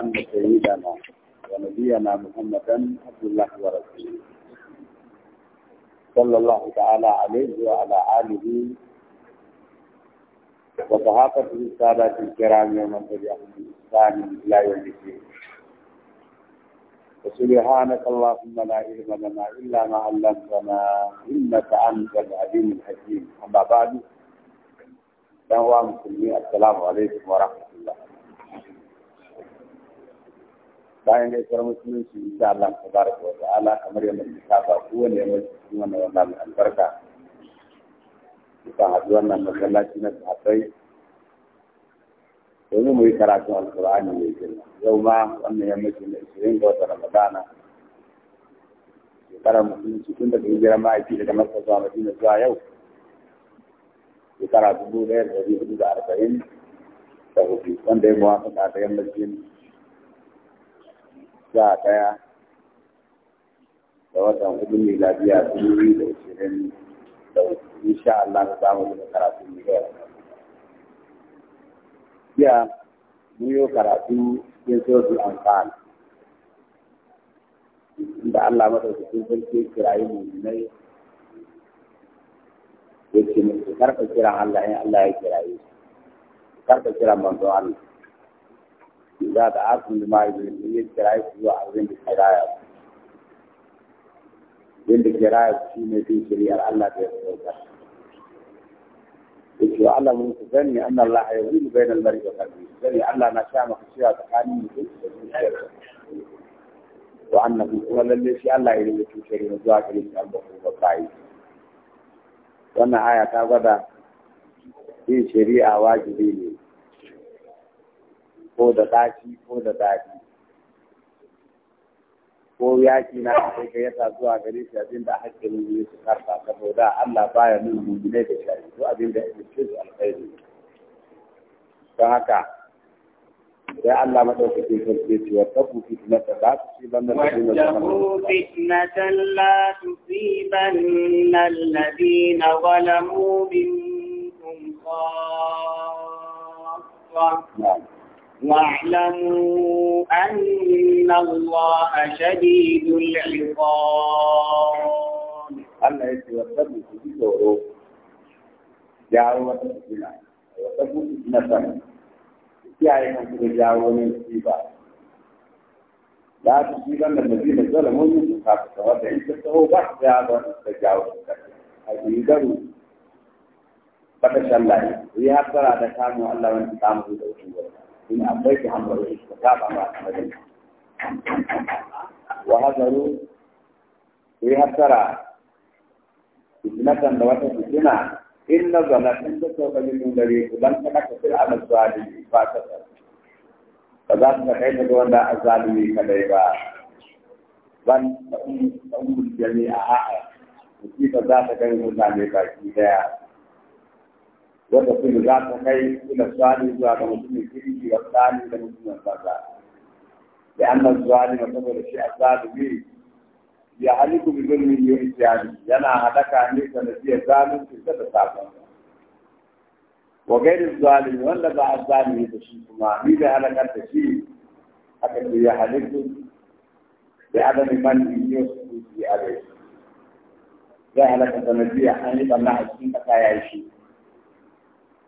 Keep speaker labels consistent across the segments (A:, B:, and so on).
A: أن سيدنا ونبينا محمدا عبد الله ورسوله صلى الله تعالى عليه وعلى آله وصحابة السادات الكرام ومن تبعهم بإحسان إلى يوم الدين وسبحانك اللهم لا علم لنا إلا ما علمتنا إنك أنت العليم الحكيم أما بعد السلام عليكم ورحمة الله bayan gaisuwar musulunci insha Allah wa ta'ala kamar yadda muka saba cikin wannan wannan albarka muka haɗu wannan masallaci na sahabbai domin mu yi karatun yau ma wannan ishirin ga wata ramadana musulunci tun daga daga masa zuwa madina zuwa yau shekara dubu ɗaya da ɗari hudu da arba'in da hudu wanda ya muwafaka da yammacin sha ɗaya da watan hudu miladiya dubu biyu da ashirin da wasu insha Allah za mu yi karatu ne yau. Jiya mun yi karatu cikin suratul amfani. da Allah madaukakin sarki kirayi mu'minai yake musu karɓa kiran Allah in Allah ya kirayi karɓa kiran manzon Allah za ta akun da ma'aikata sun yi kirayi zuwa abin da kiraya su kiraya shi ne fi shari'ar Allah da ya sauka yake wa Allah mun gani an ya zuru bai da lari da kalbi gani Allah na sha maka cewa tsakanin mutum da to annabi kuma lalle shi Allah ya rubuta shari'a zuwa gare shi an ba ku wannan aya ta gwada yin shari'a wajibi ne ko da ɗaki ko da daɗi ko yaƙi na kai ka yasa zuwa gare shi abin da hakkin ne su karfa saboda Allah baya nuna mummune da shari ko abin da ya ce su alkhairi don haka sai Allah madaukakin sarki ce wa tabu fitnata la tusibanna alladhina zalamu
B: fitnatan la tusibanna alladhina zalamu minkum khaffa واعلموا أن الله شديد العقاب
A: الله يتوسم في دوره جاءوا وتسمع وتسمع نسمع في آية من جاءوا من سيبا لا تصيبن الذين ظلموا منكم خاصة وإن تستووا بعد هذا تجاوز هذه يقولوا فتش الله ويهبر على كامو الله وانتقامه لو تنورنا in akwai ki hambaru ka saba ma madina wa hazaru ya hasara ibnatan da wata fitina in na zana in ka sauka min mun dare ku dan ka ka fil amal zalimi ba ka ba za ka kai ga wanda azalimi ka dai ba ban da umul jami'a a'a ki ba za ka ga mun dare ba ki daya wanda kuma za ta kai ila sani zuwa ga mutumin kirki wa sani da mutumin banza da annan na saboda shi a zalimi ya haliku bi zulmin yi isyani yana hadaka ne sanadiyar zalunci ta da sabon wa gairin wanda ba a zalimi da shi kuma ni da halakar da shi aka ce ya da adamin man yi su a rai zai halaka sanadiyar an yi ɓanna a cikin ƙasa ya yi shi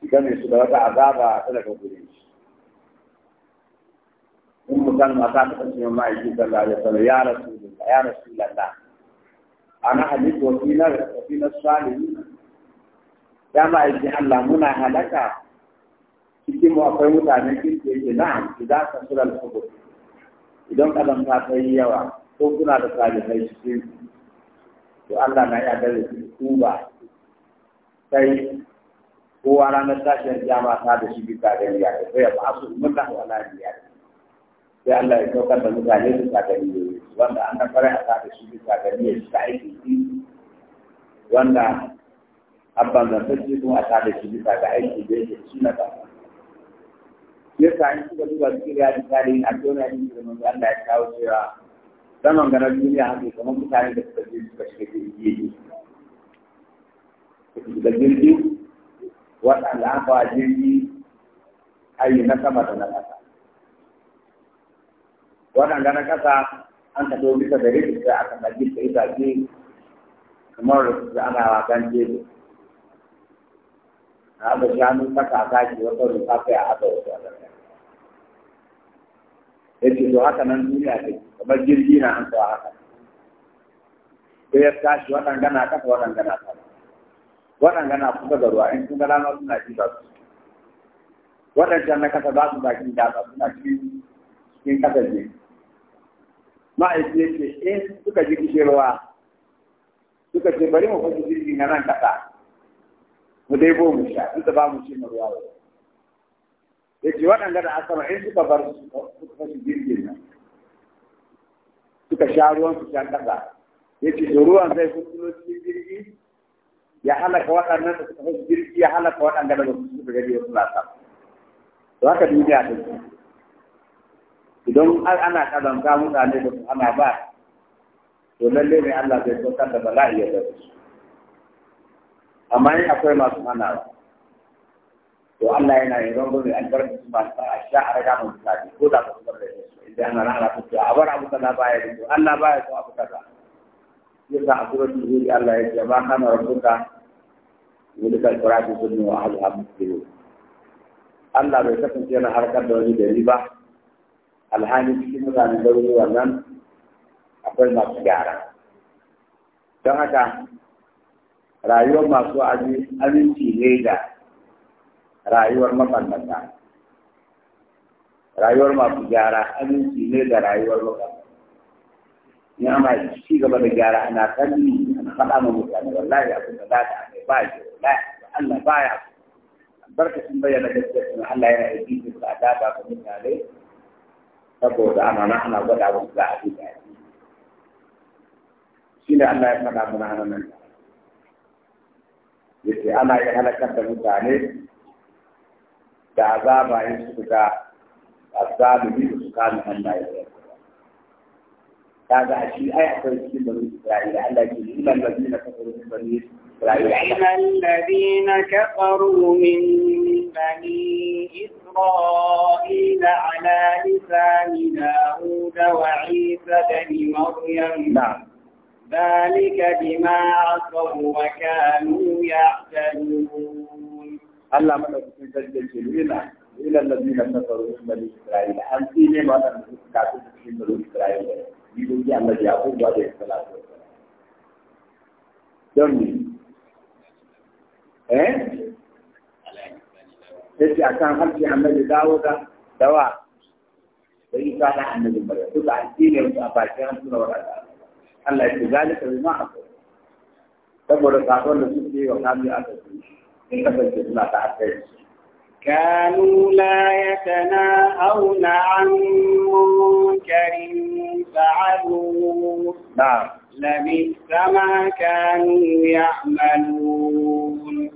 A: su game su da wata azaba a tsada gure shi in mutan mata ta kasance mai aiki sallallahu alaihi wasallam ya rasulullah ya rasulullah ana hadithu wa fina wa fina salihin ya ma aiki Allah muna halaka cikin mu akwai mutane kirki yake na'am idan ka sura al-kubur idan kadan ta yi yawa ko kuna da salihai cikin to Allah na iya dare ku ba sai kowa ranar tashiyar jama'a ta da shi bisa ga riya da sai ya ba su mutan wala niyya sai Allah ya saukar da mutane ta ga niyya wanda an fara a ta da shi bisa ga riya shi ta aiki wanda abban da sai kuma a ta da shi bisa ga aiki da yake shi na ba ya sa in suka duba cikin ya misali a tona yin da Allah ya kawo cewa zaman ganar duniya haka kamar mutane da suka je suka shiga jirgi da waɗanda an wa jirgi ayi na sama da na ƙasa waɗanda na ƙasa an ka to bisa da rikin sai aka ka gita itace kamar da ana wakan jeji na abu shanu ta kaka ce wata rufa kai a haka wata wata ya ce to haka nan duniya ce kamar jirgi na an kawo haka sai ya tashi waɗanda na ƙasa waɗanda na sama waɗanda na kusa da ruwa in sun ga rana suna ji su waɗancan na kasa za su bakin dasa suna cikin cikin kasa ne ma'aiki ya ce in eh, suka ji kishirwa suka ce bari mu kwasu jirgin na nan kasa mu dai bo mu sha inda ba mu ci mu ruwa ya ce waɗanda da asama in suka bar su suka kwasu jirgin nan suka sha ruwan su sha kasa ya ce ruwan zai kuntulo cikin jirgi ya halaka waɗannan da suka hau jirgi ya halaka waɗanda da su suka gari wasu lasa to haka duniya ta ce idan ana kazanta mutane da su ana ba to lalle ne Allah zai saukar da bala'i ya zai su amma in akwai masu hana to Allah yana yin rango mai albarkacin masu ba a sha a raga mai mutane ko da ba su bar da su idan ana rana ta ce a bar abu ta kaza baya da su Allah baya so abu kaza yasa a suratul hud Allah ya ce ma kana rabbuka sun القرآن سنة وأهلها مسلمون Allah bai kasance yana harkar da wani gari ba alhali cikin mutanen gauri nan. akwai masu gyara don haka rayuwar masu aminci ne da rayuwar mabambanta rayuwar masu gyara aminci ne da rayuwar mabambanta ni ama ci gaba da gyara ana kalli ana faɗa ma mutane wallahi abin da za ta ba shi Allah baya albarkacin bayyana gaskiya kuma Allah yana aiki da tsada ba ga mutane saboda ana nan ana gwada wasu za a fi da shi ne Allah ya faɗa mana hana nan yace ana yi halakar da mutane da azaba in su fita azabi su kama hannaye kaga a shi ai akwai cikin bani Isra'ila Allah ya ce innal ladina kafaru min bani Isra'ila فلعن
B: الذين كفروا من بني إسرائيل على لسان داود وعيسى بن مريم نعم ذلك
A: بما عصوا وكانوا يعتدون الله ما تكون تجد إلى الذين كفروا من بني إسرائيل أنتم ما تكون من بني إسرائيل يقول الله يعقوب عليه الصلاة والسلام ايه انت عشان خلفي عمل داوود دواء اي قال عمل مريض طلع الدنيا وتفاجئنا من ورا الله يجزاك بما حصل طب ولا قاتل نسيتي وقام يا اخي
B: كانوا لا يتناهون عن منكر فعلوه نعم. لبئس
A: ما كانوا يعملون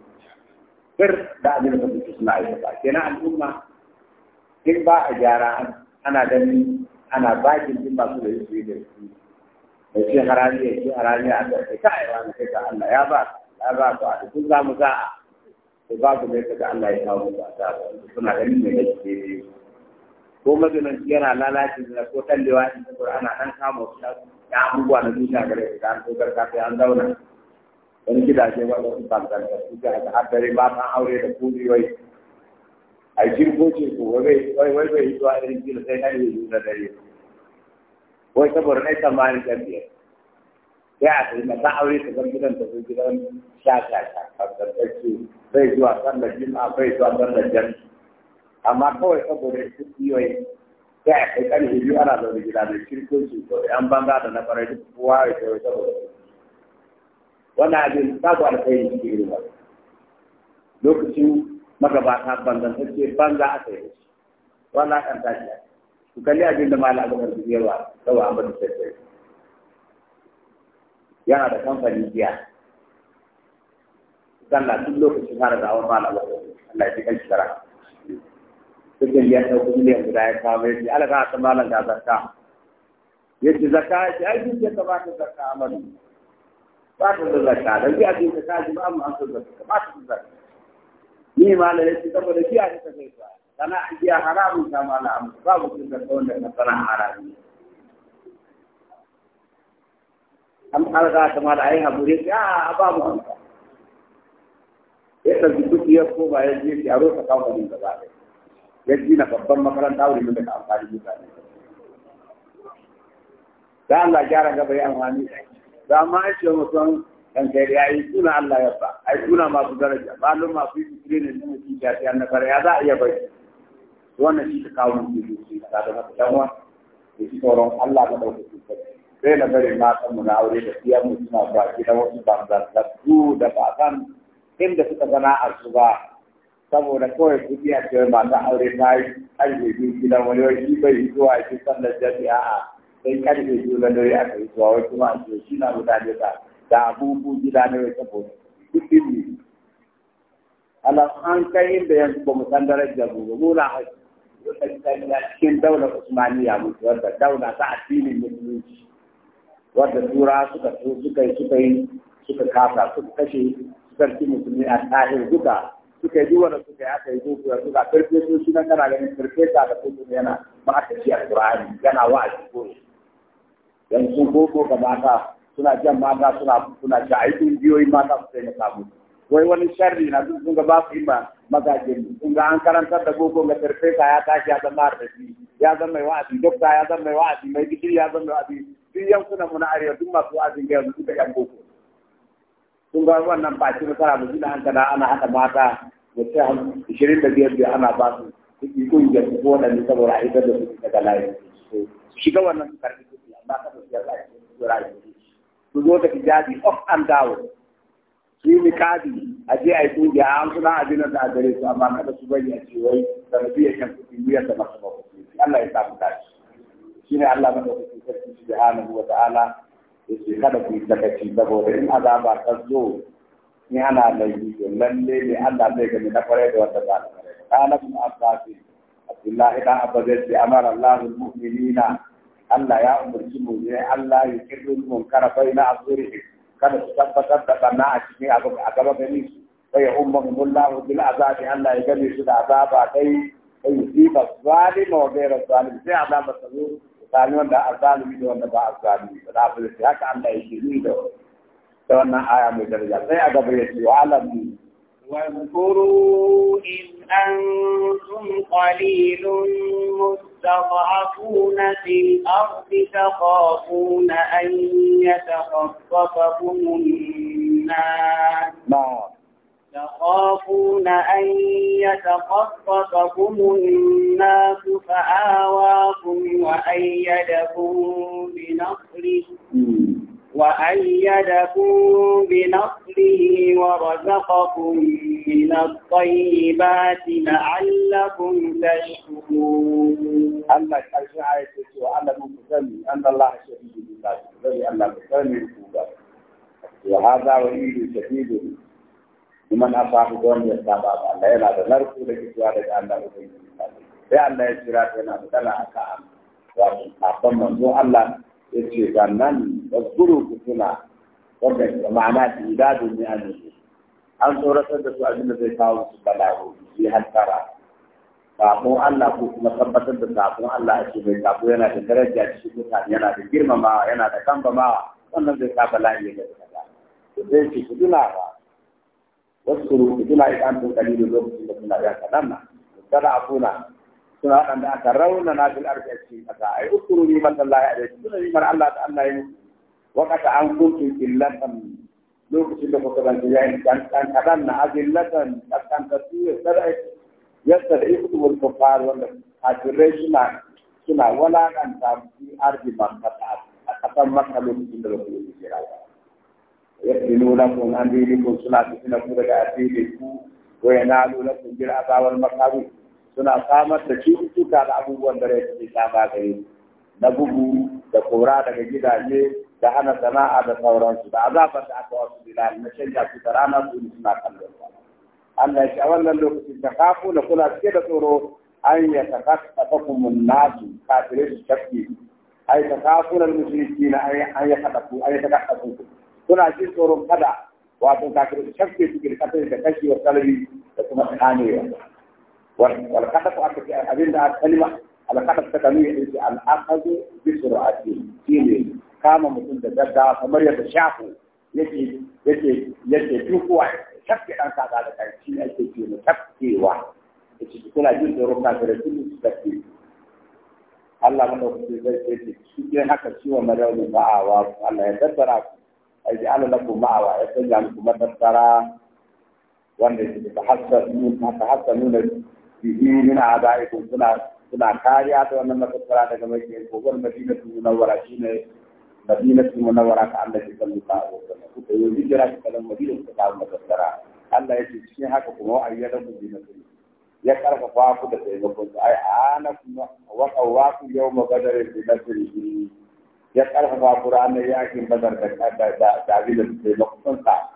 A: fir da abin da suke suna kenan al'umma in ba a gyara ana ganin ana bakin din masu da yake da su da shi harami ya ce a kai ka Allah ya ba ya ba ku a duk za mu Allah ya kawo ta suna da ko yana da ko tallewa in an kama ya abubuwa na duniya gare ka an zauna wani gidaje wanda sun tantanta su ga da haddare matan aure da kuriyoyi a jirgoce ko wai wai bai yi zuwa irin jira sai na dare wai saboda na tsammani gaskiya sai a aure ta zan gidan ta zai gidan sha sha sha tantance bai zuwa sallar jima'a bai zuwa sallar jami'a amma kawai saboda kuriyoyi sai a kai kan hijiyu ana zaune gida da shirkin su to yan banza da na farai duk kowa ya kai wani abin sabu alkhairi cikin irin wannan lokacin magabata bangantacce banza aka yi shi wala kan tashi ku kalli abin da mala abu karfi yawa kawai an bada sai yana da kamfanin biya na duk lokacin fara da awon mala abu Allah ya fi kan shara cikin biya ta kuma miliyan guda ya kawo ya ce alaka ta tsammanin ga zakka ya ce zakka ya ce ai duk ya kamata zakka amalu ba ta da zakka dan biya ce ta kaji ba amma an san zakka ba ta da ni ma da yake saboda biya ta kai ba kana biya haramun ta mala amma ba mu da zakka wanda na fara haramun an alga ta mala ai habure ya ba mu hanka ya ɗauki dukiyar ko ba ya je ya roƙa kamfanin gaba ɗaya ya na babban makaranta wurin da ka amfani mutane da Allah gyara gaba ya amfani da shi da amma an ce mutum kan kai ya yi suna Allah ya ba ai suna masu daraja ba malum masu yi kire ne ne ki ta ta na fara ya za a iya bai wannan shi ta kawo mu ji shi ta da haka dan wa da shi tsoron Allah da dauka shi sai na bare ma san mu na aure da siya mu suna ba ki da wasu ba da su da ba san inda suka gana a su ba saboda kawai kudi ce ma ta aure ta yi arziki gidan wani wani bai zuwa shi sallar jami'a sai karfe biyu na dare a kai zuwa wai kuma a ce shi na guda da da abubu gida na wata bota cikin ne ala an kai da yanzu ba mu san darajar mu ba mu na cikin daular Usmaniya mutu wadda daula ta addinin musulunci wadda tura suka suka suka yi suka kasa suka kashe sarki musulmi a tahir duka suka yi wanda suka yi aka yi zuwa suka karfe sun shi na kana ganin karfe ta da kuma yana ma aka ci a Qur'ani yana wa'azi ko don sun koko ga mata suna jan mata suna suna ci ai kungiyoyin mata su taimaka musu wai wani sharri na duk sun ga ba su yi ma magajin sun ga an karantar da gogo ga ka ya tashi ya zama arziki ya zama mai wa'azi dokta ya zama mai wa'azi mai gishiri ya zama mai wa'azi duk yankunan mu na arewa duk masu wa'azin ga yanzu suka yan boko sun ga wannan ba shi nasara ba da hankala ana haɗa mata da ta ishirin da biyar da ana ba su kuɗi kungiyar su ko waɗanda saboda a da su daga layi shiga wannan su saka da siyar da shi rayu su zo da hijabi a je a yi kungiya su amma kada a wai sanadiyar kan kuɗi wuyar da masu Allah ya sa mu dace shi ne Allah subhanahu wa ta'ala kada yi sakaci saboda in azaba ta zo ana laifi to lalle ne Allah zai gani na kwarai da wanda ba na Abbasin Abdullahi amara Allahu mu'minina Allah ya umarci mu ne Allah ya kirru munkara bai na azurihi kada su tabbatar da bana a cikin a gaba gani su sai ya ummahu mullahu bil azabi Allah ya gani su da azaba kai sai yusiba zalima wa ghayra zalim sai azaba ta zo tsakanin wanda azalimi da wanda ba azalimi da da sai haka Allah ya kirru da da wannan aya mai daraja sai a gaba ya ce wa alamu
B: واذكروا إذ أنتم قليل مستضعفون المستضعفون في الأرض تخافون أن يتخطفكم الناس نعم. تخافون أن يتخطفكم الناس فآواكم وأيدكم بنصره وأيدكم بنصره ورزقكم من الطيبات لعلكم
A: تشكرون. أما الشعائر وأنا المسلم أن الله شديد بالله زي أن المسلم وهذا وليد شديد لمن أصاب دون يستعبد الله يلا نركو لك سؤالك أن الله شديد أن لا الله يسيرات لنا بدل أكام وأصاب من الله ya ce ga nan da guru wanda ma'ana su yi dadin ne a yi an tsoratar da su abin da zai kawo su bala'o su yi sakon Allah ko kuma tabbatar da sakon Allah a cikin sako yana da daraja cikin mutane yana da girmamawa yana da kambamawa wannan zai sa bala'i da kaza to zai ci ku ba wasu kuru ku tuna tun kalilu lokacin da kuna yan kadan kada a kuna suna waɗanda aka rauna na bil arziki a cikin اذكروا نعمة الله عليكم نعمة الله تعالى عليكم وقد أنكرتم قلة lokacin da kuka ban ya kan kadan na azillatan kan ta tuye sarai yadda da ikut wal kufar wanda kafirai suna suna walakanta fi ardi makkata a kasan makka lokacin da kuka yi jira yaqiluna kun an suna makaru suna samar da cututtuka da abubuwan da rai ke ta ba gare ku na bugu da kora daga gidaje da hana sana'a da sauransu da azabar da aka wasu bilal na canja su da rana su suna kallon Allah ya ce a wannan lokacin ta kafu da kula suke da tsoro an ya takaffafakum nasu kafirai su shafi ai takafuna al-mushrikeena an ya takaffu an ya su kuna jin tsoron kada wato kafirai su shafi su kafin da kashi wa kalbi da kuma tsanewa wal kadafu aka ce abinda kalima? على قدر تكلمي انت ان اخذ بسرعه كيلو كما مثل دجاج فمر يتشاف يجي يجي يجي تشوفوا شك ان هذا هذا كان شيء اكثر من تفكير واحد ايش تقول على جزء ركعه ثلاثين تفكير الله من هو في ذلك يجي شو كان هكذا شو ما راوي ما عوا الله يدبر اي جعل لكم ما عوا يجعل لكم ما دبر وان يتحسن من تحسن من به من اعدائكم suna kariya ta wannan matattara daga mai kogon madinatu munawwara shine madinatu munawwara ka Allah ya kalli ta wannan kuka yi hijira ka kallan madina ku ta Allah ya ce cikin haka kuma wa ayyada ku dinatu ya karfafa ku da taimakon su ai ana kuma wa qawaku yawma badar bi nasrihi ya karfafa ku ranar yakin badar da da da da taimakon sa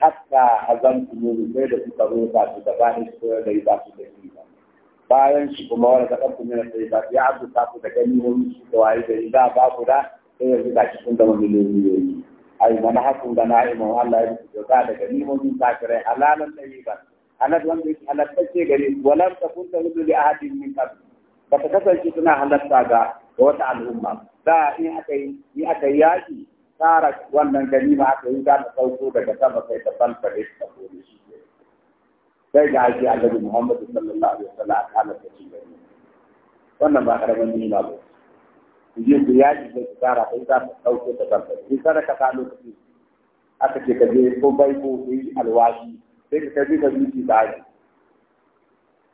A: hatta hazan ne sai da kuka roƙa su da ba ni da ba su da shi ba bayan shi kuma wani da ɗanku ne na sai ba ya abu ta ku da gani wani su da waye da za ba ku da sai yanzu ga shi kun da wani miliyoyi ai mana hakun da na iman Allah ya ku da da gani ta kafirai halalan yi ba halal wanda yake halattacce gare su kun takun tahudu da ahadin min qabl ba ta kasance suna halatta ga wata al'umma da in aka yi in aka yaki tsara wannan ganima aka yi za ta sauko daga sama sai ta fanfare ta kore shi sai ga ake annabi Muhammad sallallahu alaihi wasallam a kalar da shi gari wannan ba karamin nima ba ku je ku yaji da ku tara sai za ku dauke ta barka sai kada ka ka lokaci aka ce ka je ko bai ko yi alwashi sai ka je ka zuci ba shi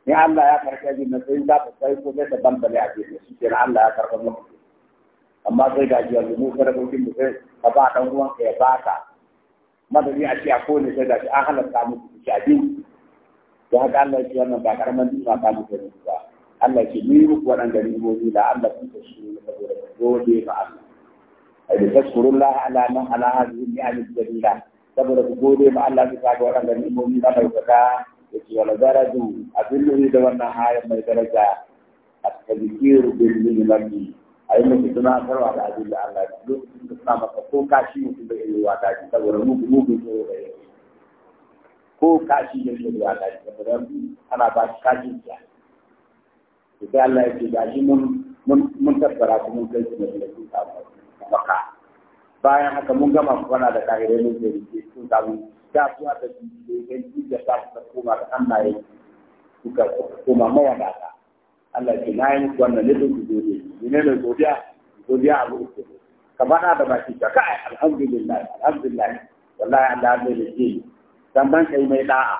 A: ni Allah ya karɓe ji na sai za ku sai ko sai ta bambale a gefe shi kenan Allah ya karɓe muku amma sai ga jiyar mu kada ko mu mutai ka ba dan ruwan ka ya baka madadi a ce a kone sai ga shi an halatta muku ku ci abinci da haka Allah ce wannan ba karaman nima ta muku ne ba Allah ke ni muku waɗanda nimomi da Allah kun kashi da saboda gode ba Allah ai da tashkurullah ala man ala hadhihi ni'amil jalila saboda ku gode ba Allah ku ga waɗanda nimomi da daukaka yake wala daraju abin da wannan hayar mai daraja at-tadhkir bil ni'mati a yi mutu suna karwa da abin da Allah ya lokacin da suna masa ko kashi mutum da iya ta shi saboda mugu mugu ne da yawa ko kashi da ke zuwa da shi da ana ba shi kashi ya to sai Allah ya ce ga shi mun mun ku mun kai kuma da su ta maka bayan haka mun gama ku da kahirai mun je da su ta mu da su da su da su da ta ta koma da Allah ya kuka koma mawadata Allah ke na yi wannan ne ku gode ne ne godiya godiya abu ku kamar da baki ka kai alhamdulillah alhamdulillah wallahi Allah zai da shi sannan kai mai da'a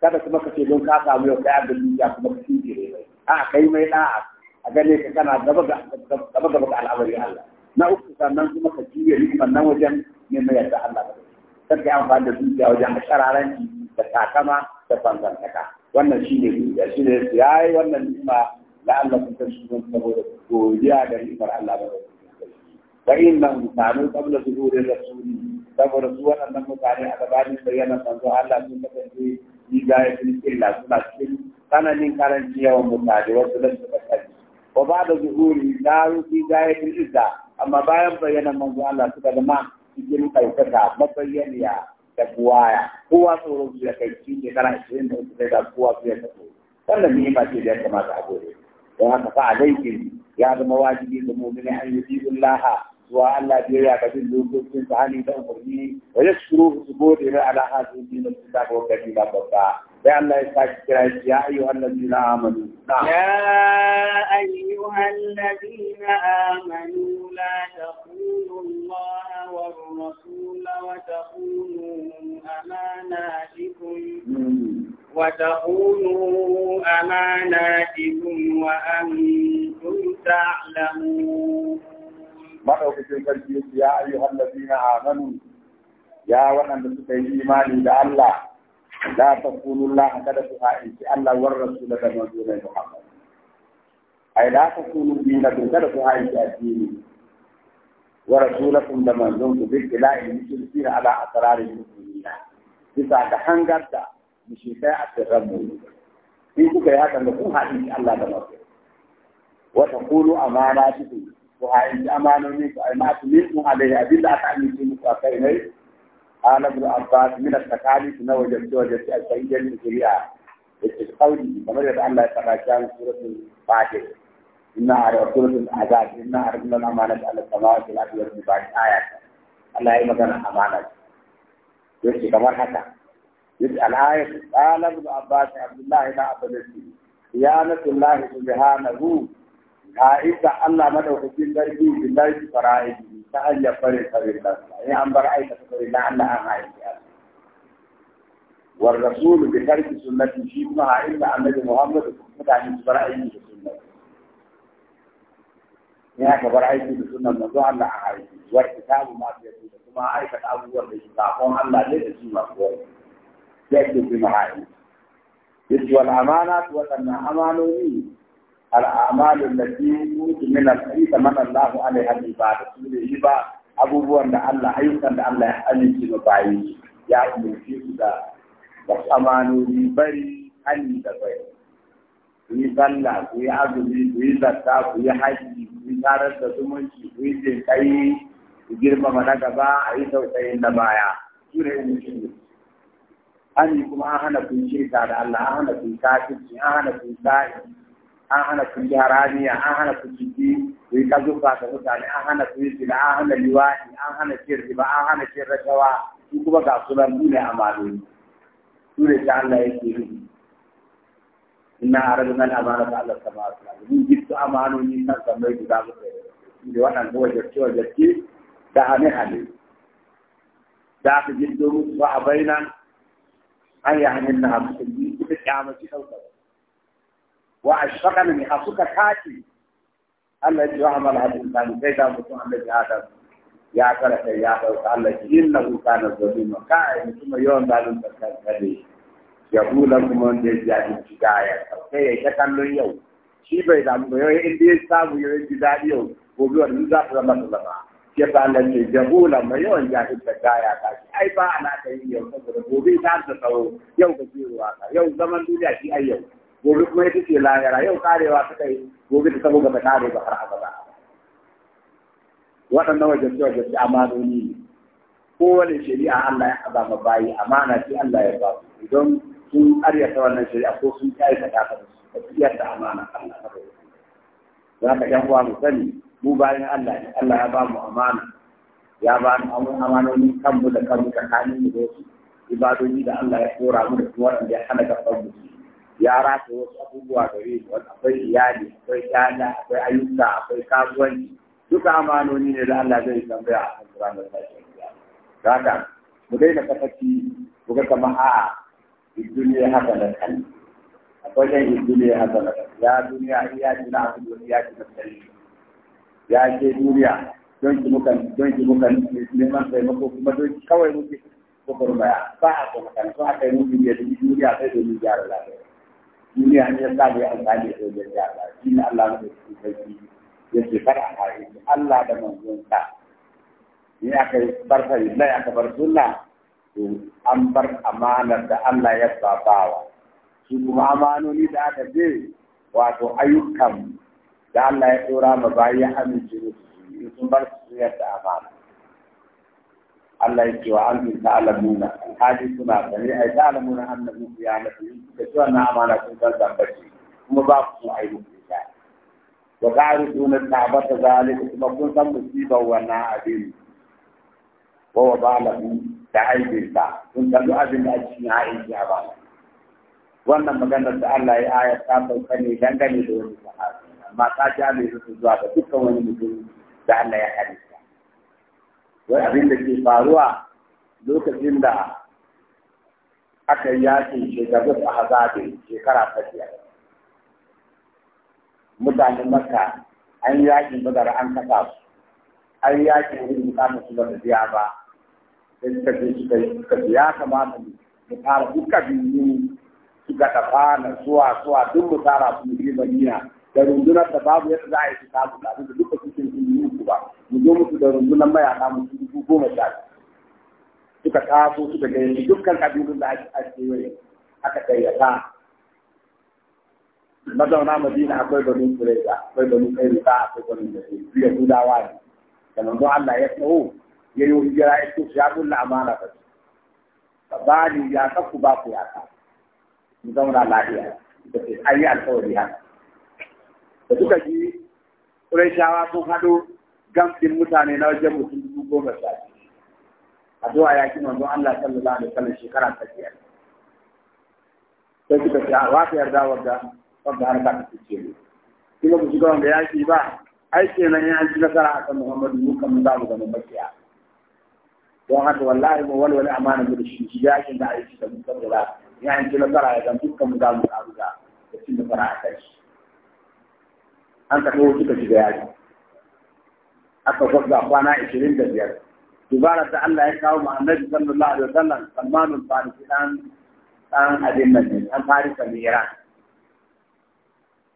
A: kada kuma ka ce don ka samu yau kai abin ya kuma ka cije a kai mai da'a a gane ka kana gaba gaba ga al'amari Allah na uku sannan kuma ka cije nikman nan wajen ne mai yarda Allah kar ka yi amfani da zuciya wajen shararan da takama da fanzantaka wannan shi ne zuciya shi ne ya yi wannan nima na Allah kun san shi saboda godiya da nimar Allah ba wa inna mutanu qabla zuhuri rasuli saboda su waɗannan mutane a gabanin bayyana manzo Allah sun kasance ni ga ya fi illa suna cikin tsananin karanci yawan mutane wasu da suka kasance wa ba da zuhuri da rufi ga ya fi izza amma bayan bayyana manzo Allah suka zama cikin ɗaukaka mabayyaniya da buwaya kowa tsoron su ya kai cikin shekara ashirin da uku sai da kowa su ya kaso wannan ni'ima ce da ya kamata a gode don haka fa alaikin ya zama wajibi ga mu'mini an yi bi'ullaha وألا بيريا بدل لوكوس تعالي دون ويشكروه سبوت إلى على هذا الدين الكتاب والكتاب والكتاب لأن يستكبر يا أيها الذين آمنوا نعم. يا
B: أيها الذين آمنوا لا تخونوا الله والرسول وتخونوا أماناتكم وتخونوا
A: أماناتكم وأنتم تعلمون madaukakin sarki ya ce ya ayyuhal ladina amanu ya waɗanda suka yi imani da Allah la taqulu Allah kada su ha'inci Allah war rasul da manzo mai Muhammad ai la taqulu dinakum kada su ha'inci addini wa rasulakum da manzon ku bi ilahi mushrikin ala asrarul mu'minina bisa ga hangar da mushrikai a tsirran mu in kuka yi hakan da kun ha'inci Allah da manzo wa taqulu cikin. ku ha'inci amanonin ku ai ma'atu minkum alaihi abinda aka amince muku akai ne قال ابن عباس من التكاليف نوجد توجد السيدة الجريعة قولي كما يقول الله تعالى كان سورة الفاتح إن على سورة الأعداد إن عرضنا الأمانة على السماوات والأرض والجبال آيات الله يما كان أمانة يقول كما حكى يسأل آية قال ابن عباس عبد الله بن عبد العزيز خيانة الله سبحانه ga inda Allah madaukakin garbi billahi fara'idi ta hanyar fare farillan in an bar aikata farillan Allah an haifi Allah war rasul bi tarki sunnati shi kuma a inda annabi Muhammad mutane su bar aiki da sunna in aka bar aiki da sunna manzo Allah an haifi war kitabu ma fi da kuma aikata abubuwan da shi kafin Allah ne da shi masu wani yake bi mahaifi. Yake wal amanat waɗannan amanoni al'amalu allati kuntum min al-hayy tamana Allahu da bi da yi ba abubuwan da Allah ayyukan da Allah ya amince ga bayi ya umurce su da da amanoni bari hanni da bai ku yi sallah ku yi azumi ku yi zakka ku yi haji ku yi tarar da zumunci ku yi jinkai ku girmama na gaba a yi tausayin da baya su ne mutum Ani kuma an hana kun shirka da Allah an hana kun kafirci an hana kun sa'i an hana ku yi haramiya an hana ku ciki ku yi kazuka ga mutane an hana ku yi zina an hana liwa'i an hana cin riba an hana cin rashawa su kuma ga nan su ne amaloli su ne ta Allah yake yi inna aradna al ta Allah ta wal ardi mun su amanoni kan samai guda mutai da wannan ko wajarci wajarci da hane hane da ka jiddo musu ba a bainan an yi hannun na hamsin biyu kuka kyamaci ɗaukar وأشفقنا من حسوك كاتي الذي يعمل هذا الإنسان كيدا مسلم الذي هذا يا كرك يا كرك الذي إنه كان ظليما كائن ثم يوم دارون تكذب يقول لكم أن يجعل شكاية كي يتكلم يوم shi bai damu ba yau in dai samu yau ji daɗi yau gobe wani za su zama su zama shi yasa Allah ce jahula mai yawan jahil da ka ai ba ana kai yau saboda gobe ta da tsawo yau ka ji ruwa yau zaman duniya shi ai yau gobe kuma ita ce layara, yau karewa suka yi gobe da saboda ba kare ba har abada waɗannan wajen wajen amanoni ne kowane shari'a Allah ya haɗa ma bayi amana ce Allah ya ba su idan sun karyata wannan shari'a ko sun kai ka ta ba su iya amana za ka yan uwa mu sani mu bayan Allah ne Allah ya ba mu amana ya ba mu amanoni kan mu da kan mu tsakanin mu da wasu ibadoji da Allah ya tsora mu da kuma wanda ya hana ka mu ya rasa wasu abubuwa gare shi wani akwai iyali akwai ƴaƴa akwai ayyuka akwai kasuwanci duka amanoni ne da Allah zai tambaya a kan ranar tashin kiyama haka mu daina kafaci mu ga kamar a'a duniya haka da kan akwai yan duniya haka da kan ya duniya ya ji na abu da ya ji na sai ya ke duniya don ki muka don ki muka neman taimako kuma don kawai muke kokarin baya ba a kuma kan so a kai mutum ya duniya sai domin gyara lafiya duniya ne ya sami amfani da wajen yara shi ne Allah mai sarki ya ce kar a kare shi Allah da manzonsa Ni aka yi bar farillai aka bar sunna to an bar amanar da Allah ya babawa shi kuma amanoni da aka je wato ayyukan da Allah ya dora ma bayan amince musu sun bar su yadda amana Allah yake wa an bin ta'lamuna hali suna gani ai ta'lamuna annahu qiyamatu da cewa na amana sun san tabbaci kuma ba ku so ai muku da wa ta'rifuna ta'bata zalika kuma kun san musibar wannan abin wa wa ba'lahu da aibin ta kun san abin da ake yin aiki a ba wannan maganar da Allah ya aya ta sauka ne dangane da wani sahabi amma ta ja mai zuwa ga dukkan wani mutum da Allah ya halitta wai abin da ke faruwa lokacin da aka yi yakin shekaru a hazabe shekara ta biyar mutanen maka an yi yakin bazara an kasa su an yi yakin wurin bukatar su ba da biya ba sai suka ce suka yi suka ya kamata mu fara duka biyu suka tafa na suwa suwa duk mu tara su mu yi madina da rundunar da babu yadda za a yi su samu da da duka su cin yi su ba mu zo musu da rundunar mayaka mu su dubu goma sha suka su suka yanzu dukkan kabilun da ake yi aka kayyata mazauna madina akwai banu kureza akwai banu kairuka akwai banu da ke biya gudawa ne da manzon Allah ya tsawo ya yi hijira ya tsofi ya kulla amana ba su ba ni ya kafu ba ku ya ka mu zauna lafiya da ke an yi alkawari haka da suka ji ƙuraishawa sun haɗo gamsin mutane na wajen mutum dubu goma sha a zuwa yakin manzon Allah sallallahu alaihi wasallam shekara ta biyar sai suka ce wa ta yarda wadda wadda har ka tafi ce ne kuma ku shiga wanda yaki ba ai kenan in an ci nasara a kan Muhammadu mu kan za zama makiya don haka wallahi mu wani amana mu da shi shi yakin da aiki da mu saboda ya an ci nasara ya zama dukkan mu za mu karu da fara nasara a kai shi an ka wasu suka shiga yaki aka kwasa kwana ashirin da biyar dubarar ta Allah ya kawo mu annabi sallallahu alaihi wasallam salmanul farisi dan dan abin nan ne dan farisa ne iran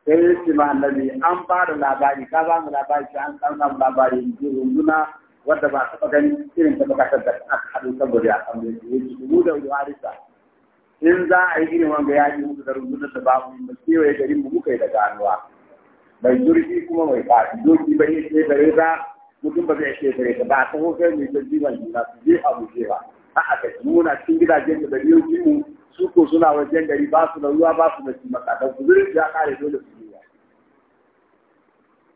A: sai yace ma annabi an fara labari ka ba mu labari sai an kawo mu labari ji runduna wanda ba ta gani irin ta bukatar da aka haɗu saboda a kan yake da harisa in za a yi irin wanga yaƙi mutu da rundunar da ba mu ba kewaye gari mu muka yi da ganuwa mai zurfi kuma mai faɗi doki ba ya shekare ba mutum ba zai shekare ta ba a taho kai mai ta jiban juna su je abu je ba a aka muna cikin gidajen da yau, jimu su ko suna wajen gari ba su da ruwa ba su da shi makaka su zurfi ya kare dole su ba.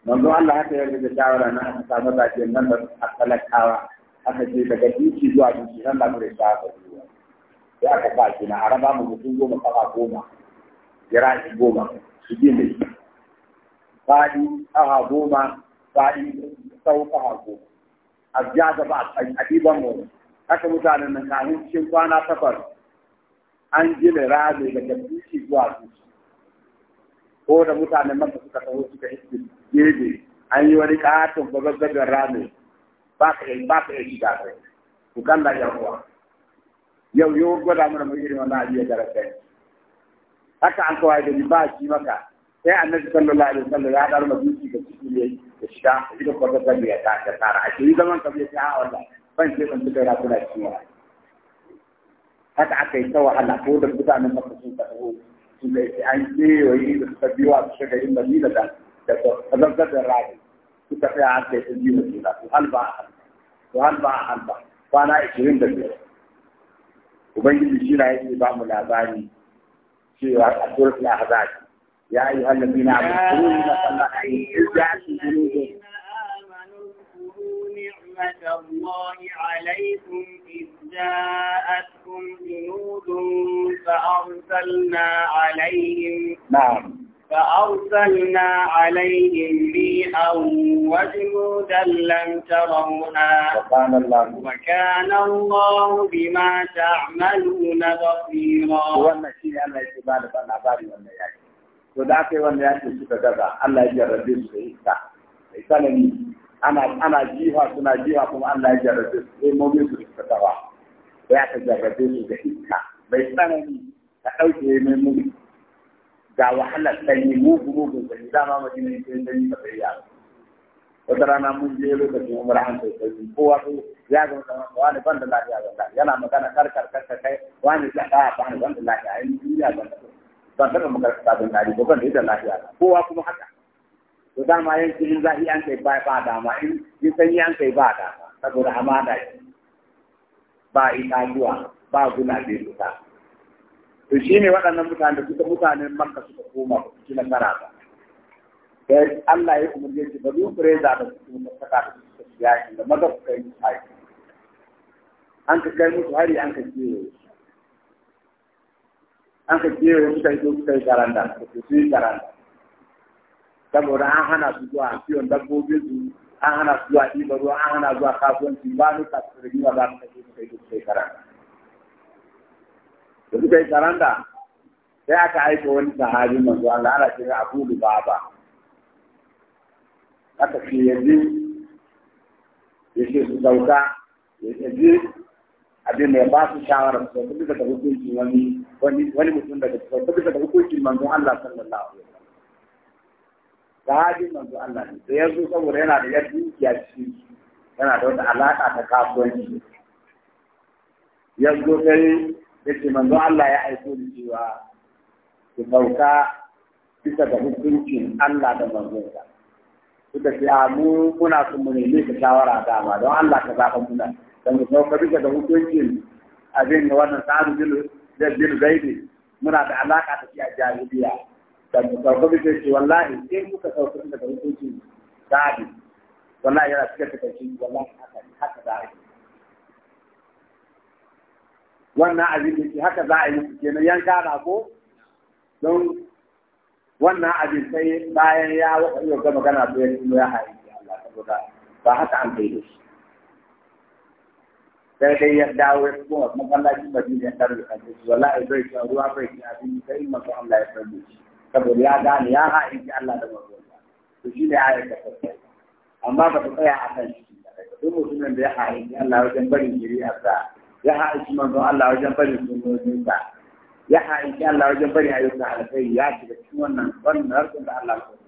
A: manzo Allah haka yarda da shawara na aka samu lafiyar nan da a talakawa aka je daga duki zuwa duki nan da mure ta ka zuwa sai aka ba shi na araba mu mutum goma kafa goma kira goma su bi mai faɗi ƙaha goma faɗi sau ƙaha goma a ja gaba a ɗiban mu haka mutanen nan kahin cikin kwana takwas an gina rami daga tushe zuwa tushe ko da mutanen masa suka taho suka iske gebe an yi wani ƙaton babban rami ba ka yi ba ka yi shiga kai ku kalla yan uwa yau yau gwada mana mai irin wani abiyar da rakai haka an kawai da ni ba shi maka sai annabi sallallahu alaihi wasallam ya dar mabuci da ciki ne da sha da kwata da ya ta ta tara a cikin zaman ka bai ta wallahi ban ce ban tuka ra kula cikin wa haka aka yi ta wahala ko da mutanen makka sun ta ko sun da an ce wai da suka biyo a cikin garin Madina da da azabtar da rabi suka tsaya aka yi ta biyo da su halba halba halba kwana 25 ubangiji shi na yake ba mu labari cewa a suratul ahzab يا أيها الذين آمنوا اذكروا
B: نعمة الله عليكم إذ جاءتكم جنود فأرسلنا عليهم نعم فأرسلنا عليهم ريحا وجنودا لم تروها وكان الله وكان الله بما تعملون
A: بصيرا. to da aka yi wannan ce suka gaza Allah ya jarrabe su da iska da mai ana ana jiha suna jiha kuma Allah ya jarrabe su sai momin su suka tawa da aka jarrabe su da iska bai tsanani ka ɗauke mai mu ga wahalar sanyi mugu mugun sanyi dama madina ne sai sanyi ka bai yaro wata rana mun je lokacin umar an sai sai kowa sai ya ga mutum wani ban da lafiya ban da yana magana karkar karkar kai wani da ɗaya ban da lafiya ai duniya ban da ban taɓa makaranta don tari ba ban da ita lafiya kowa kuma haka to dama yan cikin zafi an kai ba dama in yin sanyi an kai ba dama saboda hamada yi. ba itatuwa ba gulabe suka to shi ne waɗannan mutane da suka mutanen makka suka koma ba su ci nasara ba sai Allah ya umarce shi ba duk reza da su kuma saka da su su yaki da maza su kai musu hari an ka kai musu hari an ka kiyaye an ka kewa suka yi suka yi karanta su yi karanta saboda an hana su zuwa kiwon dabbobi su an hana su zuwa ɗiba ruwa an hana zuwa kasuwanci ba ni ka rigima za su kashe suka yi suka yi karanta da suka yi karanta sai aka aika wani sahabi manzo Allah ana cewa Abu Lubaba aka ce yanzu yake su sauka yanzu abin da ya ba su shawara su sauka bisa da hukuncin wani wani mutum daga cikin sauka bisa da hukuncin manzon Allah sallallahu alaihi wasallam sahabin manzon Allah ne da yanzu saboda yana da yadda dukiya ciki yana da wata alaka ta kasuwanci yanzu sai yace manzon Allah ya aiko da cewa ki sauka bisa da hukuncin Allah da manzon sa suka ce a mu muna son mu nemi ka shawara dama don Allah ka zaɓa muna kan ga kuma bisa ga hukuncin abin da wannan tsarin bilu da bilu gaibi muna da alaka da shi a jahiliya kan ga kuma bisa ce wallahi in kuka sauka daga hukuncin tsarin wallahi yana cikin takaici wallahi haka haka za a yi wannan abin da ke haka za a yi su kenan yanka na ko don wannan abin sai bayan ya gama magana sai ya yi haye Allah saboda ba haka an kai da shi sai dai ya dawo ya kuma masallacin Madina ya tarbi kan shi wallahi bai ci ruwa bai ci abin sai masa Allah ya tarbi shi saboda ya gane ya haɗin ki Allah da manzon to shi ne ayat ta farko amma ba ta tsaya a kan shi duk mutumin da ya haɗin ki Allah wajen barin shari'arsa ya haɗin ki manzon Allah wajen barin sunnojinsa ya haɗin ki Allah wajen barin ayyukan alkhairi ya shiga cikin wannan wannan harkar da Allah ya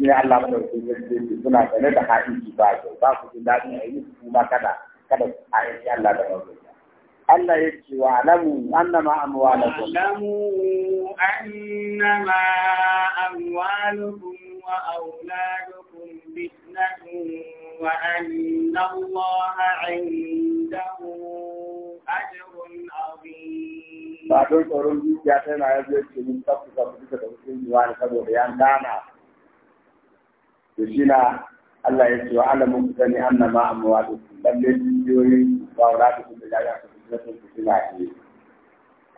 A: ne Allah madauki gaske suna sane da ha'inci ba kyau ba ku jin daɗin ayyuka kuma kada kada a yanki Allah da madauki Allah ya ce wa alamu annama amwalukum alamu annama
B: amwalukum wa auladukum fitnatun wa anna Allah 'indahu ajrun 'azim ba don
A: tsoron zuciya tana yanzu ya ce mun tabbata da cikin jiwa saboda yan dana to shi na Allah ya ce wa alamun ku sani an nama a mawaɗin lalle jiyoyin ba wa rafi sun da jaya su suna sun su suna yi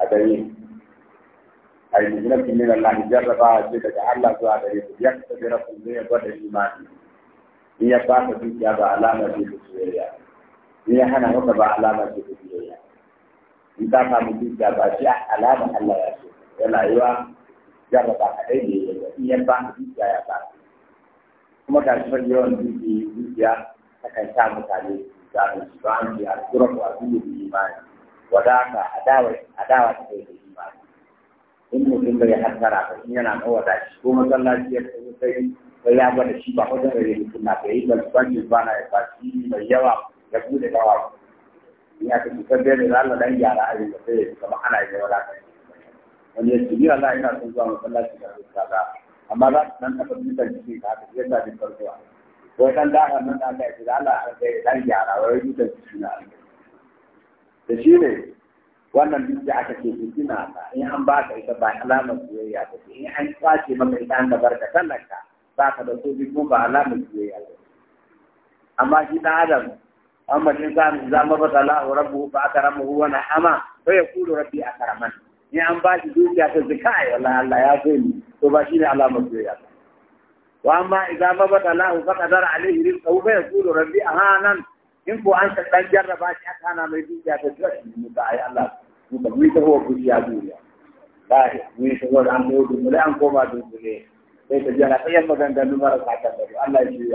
A: a gare a yi jinar kumin Allah ni jarraba ce daga Allah zuwa gare ku ya kusa jira kun zai ya gwada imani in ya ba ka dukiya ba alamar ce ta soyayya in ya hana maka ba alamar ce ta soyayya in ta samu dukiya ba shi alamar Allah ya so yana yiwa jarraba kaɗai ne ya yi in ya ba ka dukiya ya ba kuma ga shi yawan ta akan sa mutane zaɓin su ba an ce a tura ko a duniya da imani wadaka adawa ta kai da imani in mutum bai hankara ba in yana na wada shi ko matsalaci ya kai sai sai ya gwada shi ba wajen rage mutum na kai ba banki ba na ya fashi mai yawa ya bude gawa in ya kashi kan bai da Allah dan gyara abin da sai ya kama ana yi wadaka wani ya ce ni Allah ina son zuwa matsalaci da su kaza amma za su dan taɓa mutan jiki ka haka yadda bin farko wai dan da nan da aka yi da Allah an sai dan gyara wai mutan jiki na da shi ne wannan duk da aka ce fitina ta in an ba ka ita ba alamar soyayya ta ce in an kwace maka ita an gabar ka tallaka ba ka da sobi kuma ba alamar soyayya ta amma shi dan adam amma in za mu zama ba ta la'u rabbu fa akramahu wa na'ama fa yaqulu rabbi akraman Ni an ba shi dukiya ta zika ai wallahi Allah ya so ni to ba shi ne alamar soyayya wa amma idza mabata lahu faqadara alayhi rizqahu fa yaqulu rabbi ahanan in ko an san dan jarraba shi aka na mai dukiya ta zika ni ba ai Allah mu ba mu ta ho ku ya duniya bai mu ta ho an mu du mu an koma du ne sai ta jira sai yan maganganu marasa ta da Allah ya yi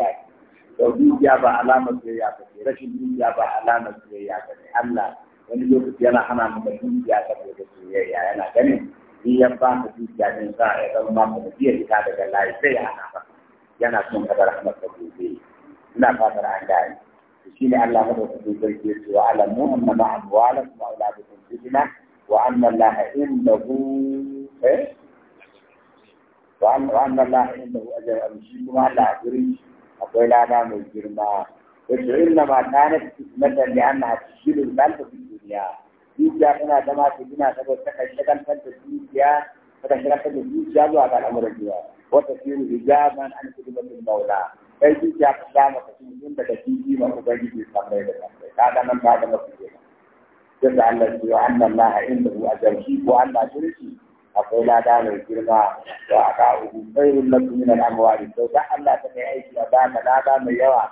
A: to dukiya ba alamar soyayya ba rashin dukiya ba alamar soyayya ba Allah wani lokaci yana hana mu da dukiya saboda soyayya yana ganin in ya ba ka dukiya din sa ya zama ma ka biya ka daga layi sai ya hana ba yana son ka bar ta gobe ina fatar an shi ne Allah madaukakin sarki ya ce wa alamu anna ma amwalakum wa auladukum fitna wa anna Allah indahu eh wa anna Allah indahu ajrun kuma Allah akwai lada mai girma yace inna ma kanat fitnatan li annaha tushil al-qalb fi dunya dukiya tana zama ta gina saboda ta kan shagaltar da dukiya ta kan shagaltar da dukiya zuwa ga al'amuran duniya wata fiye hijaban an kudubatin maula kai dukiya ta dama ka cikin daga jiji ma ubangiji sabai da sabai ka ga nan ba da mafi kenan yadda Allah ce wa annan laha inda hu ajarshi ko Allah shirki akwai lada mai girma wa aka hu khairul Allah ta mai aiki a baka lada mai yawa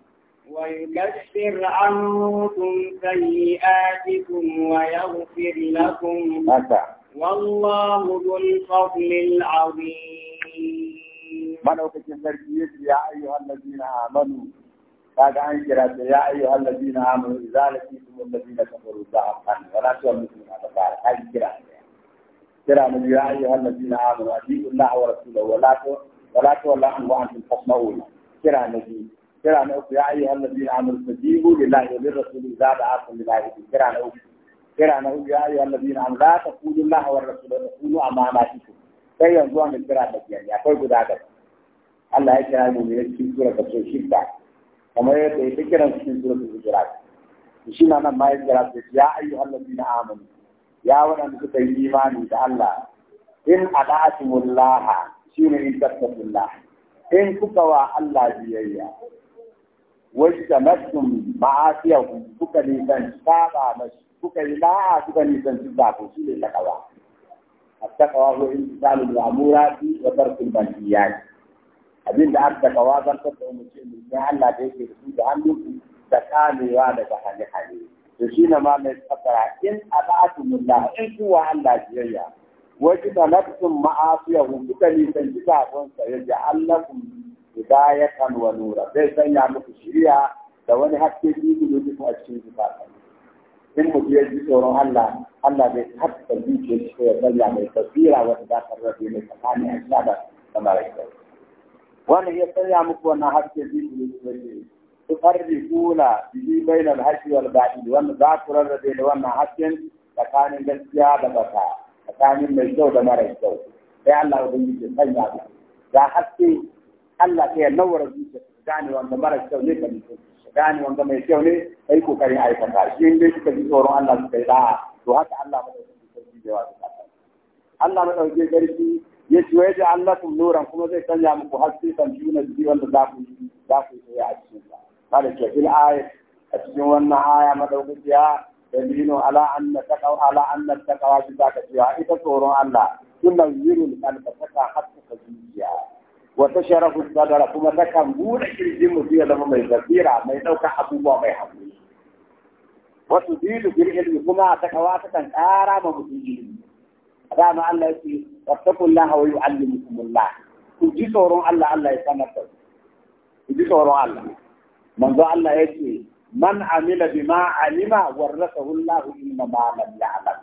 B: ويكفر عنكم سيئاتكم ويغفر لكم والله
A: ذو الفضل العظيم من يا أيها الذين آمنوا بعد أن جرت يا أيها الذين آمنوا إذا لقيتم الذين كفروا زعفا ولا تؤمنون هذا قال هذه جرت جرت يا أيها الذين آمنوا أجيبوا الله ورسوله ولا ولا تولوا عنه وأنتم تسمعون جرت kira na uku ya ayyuhal ladina amanu fajibu lillahi wa lirrasul idza da'akum lima yuhyikum kira na uku kira na uku ya ayyuhal ladina amanu la taqulu allaha wa rasul wa taqulu amanatikum sai yanzu an kira da biyar ya kai guda da Allah ya kira mu ne cikin sura ta shidda kamar yadda ya kira cikin sura ta hujurat shi ma nan ma ya kira ya ayyuhal ladina amanu ya wadanda suka yi imani da Allah in ada'atumullaha shine in tattaqullaha in kuka wa Allah biyayya wajda nasum ma'asiyahu kuka nisan saba mashi kuka yi da'a kuka nisan su zafo shi ne takawa attaqwa ko intisalul ma'murati wa tarkul manhiyat abinda an takawa zan da umarci ne ne Allah da yake da su da hannun da kamewa daga hali-hali to shi na ma mai tsakara in ata'atumullah in kuwa Allah biyayya wajda nasum ma'asiyahu kuka nisan su zafon sa ya ja'allakum hidayatan wa nura zai sanya muku shiriya da wani haske biyu da duk a cikin zukatan in mutum ya ji tsoron Allah Allah zai haska zuciya shi ko ya sanya mai tasira wata za ta rabe mai tsakanin Allah da mala'ikai wannan ya sanya muku wannan haske biyu da duk a cikin تفرقون به بين الحق والباطل وان ذاك الرد وان حق فكان غسيا دبكا فكان من شو دمر الشو يا الله وبنجي سيا ذا حق الله كي نور الجيش شجاني وانت مرك سوني كم شجاني وانت ميسوني أيكو كري أي فكار شين بيش كذي صور الله سيدا وهات الله من أوجي كذي جواز الله من أوجي كذي يسوع جاء الله كم نور أم كم زي كنجام وهات سيد أن تكوا على أن وتشرف الصدر كما تكن بول الجم فيها لما ما يذكر ما يدوك أبو بابا يحبه وتزيد في العلم كما تكواتك ما مسجد دام الله يسي واتقوا الله ويعلمكم الله تجي صورون الله الله يسمك تجي صورون الله من ذا الله يسي من عمل بما علم ورثه الله إنما ما لم يعلم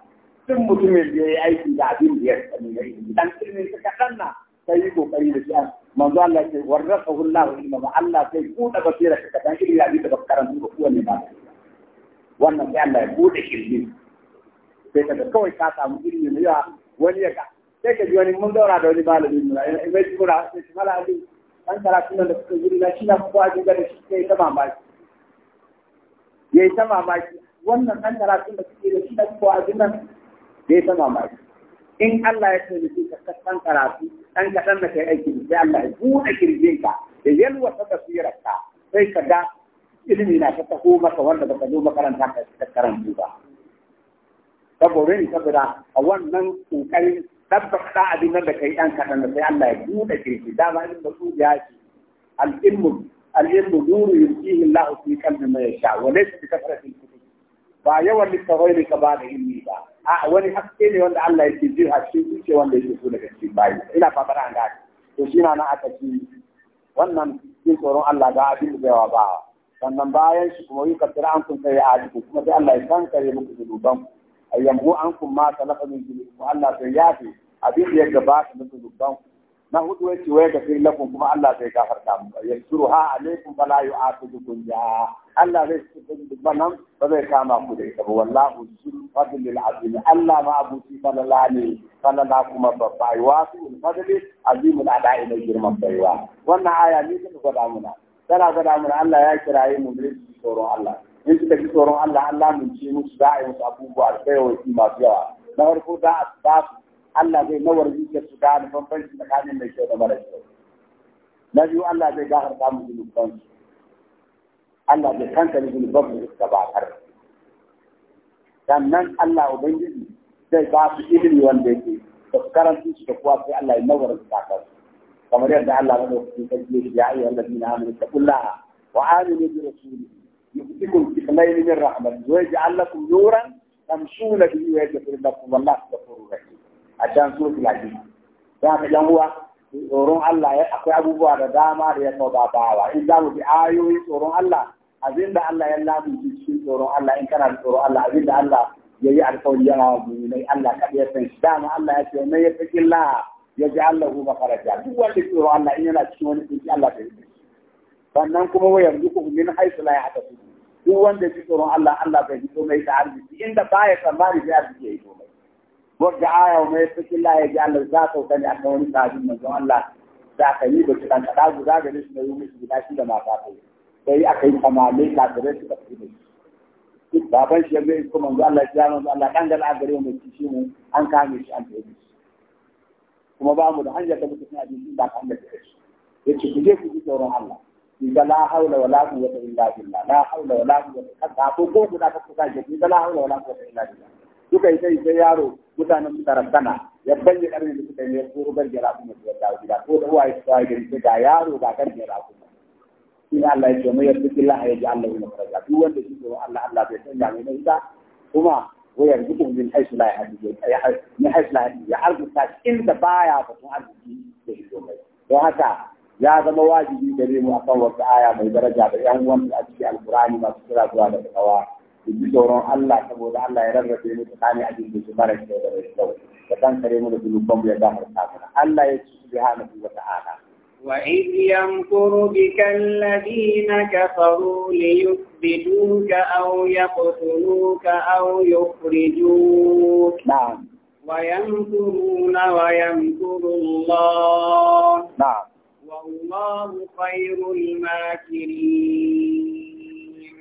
A: ثم تمل بأي أي شيء قاعدين بيسألون إذا كنت تكلمنا sai yi kokari da shi an manzo Allah ke warrasa Allah ilma ma Allah sai buɗe basira ka kadan ilmi ya bi daga karatu ko kowanne ba wannan sai Allah ya buɗe ilmi sai ka kawai ka samu ilmi ne ya wani ya ka sai ka ji wani mun daura da wani malamin mu ai mai kura sai shi mala ali dan kuma da kuka guri na shi na ji da shi sai ta mamaki yayi ta mamaki wannan dan kuma da suke da shi na kowa ji nan yayi ta mamaki in Allah ya taimake ka kan karatu dan ka san kai aiki da Allah ya buɗe kirjin ka da yalwa ta tsira ka sai ka da ilimi na ta taho maka wanda baka zo makaranta ka karantu ba saboda ni saboda a wannan kokarin tabbata abin da kai dan ka san sai Allah ya buɗe kirji da ba in ba su ya ci al-ilmu al-ilmu nuru yusihi Allah fi qalbi man yasha wa laysa bi kafaratin kutub ba yawan littafai ne ka ba da ilmi ba a wani haske ne wanda Allah yake ji a cikin zuciya wanda yake so daga cikin bayi ina fata an gane to shi na aka ci wannan cikin tsoron Allah ga abin da yawa ba sannan bayan shi kuma yuka tira an kun sai a cikin kuma sai Allah ya san kare muku zunuban ayyamhu an kun ma talafa min zunubi Allah sai yafi abin da ya gabata muku ku na hudu ya ce waya gafir lakum kuma Allah zai gafarta mu ya suru ha alaikum fala yu'aqidukum ya Allah zai su duk banan ba zai kama ku da ita wallahu zul lil azim Allah ma abuci ti ne falala kuma babba wasu fadli al ada'i da girman baiwa wannan aya ne ta gwada muna tana gada muna Allah ya kiraye mu da tsoron Allah in suka ji tsoron Allah Allah mun ci musu da'i musu abubuwa da yawa masu yawa na farko da ba su Allah zai nawar zuciyar su da bambanci tsakanin mai kyau da mara kyau na biyu Allah zai gafarta mu zunuban su Allah zai kankare zunuban mu da bakar sannan Allah ubangiji zai ba su ilimi wanda yake da su karanta su da kuwa sai Allah ya nawar zuciyar kamar yadda Allah ya dauki kaje ya ayyuhal ladina amanu taqullaha wa aminu bi rasulihi يؤتكم كفلين من رحمته ويجعل لكم نورا تمشون به ويغفر لكم والله غفور رحيم a can su laji don haka yan uwa tsoron Allah akwai abubuwa da dama da ya ba bawa in za mu bi ayoyi tsoron Allah da Allah ya lamunci shi tsoron Allah in kana da tsoron Allah da Allah ya yi alkawari yana mu ne Allah ka ya san shi dama Allah ya ce mai ya fi la ya ji Allah fara ja duk wanda tsoron Allah in yana cikin wani tsinci Allah ta yi sannan kuma wayar yanzu ku min haisu la ya hada su duk wanda ya ji tsoron Allah Allah bai ji komai da arziki inda baya tsammani sai arziki ya yi komai wadda aya mai cikin la ya ji Allah za ka sani akan wani sabin manzon Allah za ka yi da kiran ka guda da shi na yi mishi guda shi da mata ta sai aka yi tamale ka gare shi ka fi shi baban shi ya ga ko manzon Allah ya manzon Allah dan gal agare mu ci shi mu an kame shi an tafi kuma ba mu da hanya ta mutum a cikin da kan da shi yace ku je ku ji tsoron Allah إذا لا حول ولا قوة إلا بالله لا حول ko قوة حتى أقول قوة لا تقول لا حول ولا قوة إلا بالله suka yi sai sai yaro mutanen su tarantana ya bayyana karni da suka yi ne ko rubar jira kuma su yadda gida ko da uwaye su kawai gari sai ga yaro ba kan jira kuma shi ne Allah ya ce mu yarda billahi ya ji Allah ya faraja duk wanda shi ko Allah Allah bai sanya mai na ita kuma wayar dukkan bin haisu la ya ya haisu la ya arzuta inda baya batun arziki da shi mai don haka ya zama wajibi gare mu akan wata aya mai daraja da yan uwan a cikin alkurani masu kira zuwa da kawa su ji tsoron Allah saboda Allah ya rarrabe mu tsakanin abin da su mara kyau da mai kyau da kan kare mu da zunuban ya gafarta mana Allah ya ci subhanahu wa ta'ala
B: وإذ يمكر بك الذين كفروا ليثبتوك أو يقتلوك أو يخرجوك نعم ويمكرون ويمكر الله نعم والله خير
A: الماكرين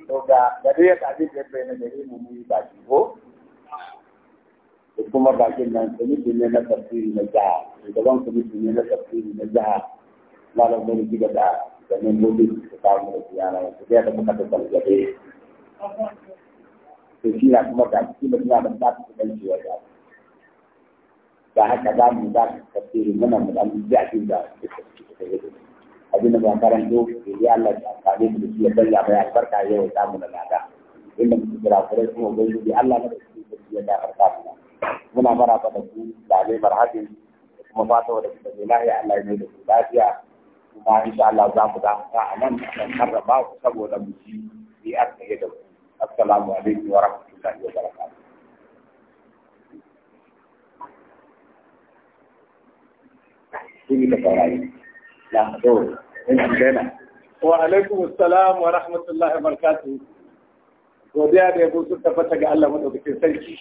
A: to ga da dai ka ji da bayyana gare mu yi ba ki ko kuma bakin nan komiti ne na tafsiri na jiha shugaban komiti ne na tafsiri na jiha malam mai shiga da da membobi su kawo da ziyara wasu da muka tabbata da to shi na kuma ga shi da suna da ba su dan ciwa da ba haka za mu ba tafsiri muna mu dan ji a cikin da abin da ba karanto ya Allah ya amfani mu da shi ya balla mai albarka yau ya samu na lada inda muke kira kure kuma ubangiji Allah na da shi ya da albarka mu muna maraba da ku da dai marhabin kuma fata da kuka je Allah ya yi da ku lafiya kuma insha Allah za mu da ka anan kan karraba ku saboda mu ci bi aka yi da ku assalamu alaikum wa rahmatullahi wa barakatuh Ini kita wa alaikum assalam wa rahmatullahi wa barakatuh godiya da yabo ga Allah madaukakin sarki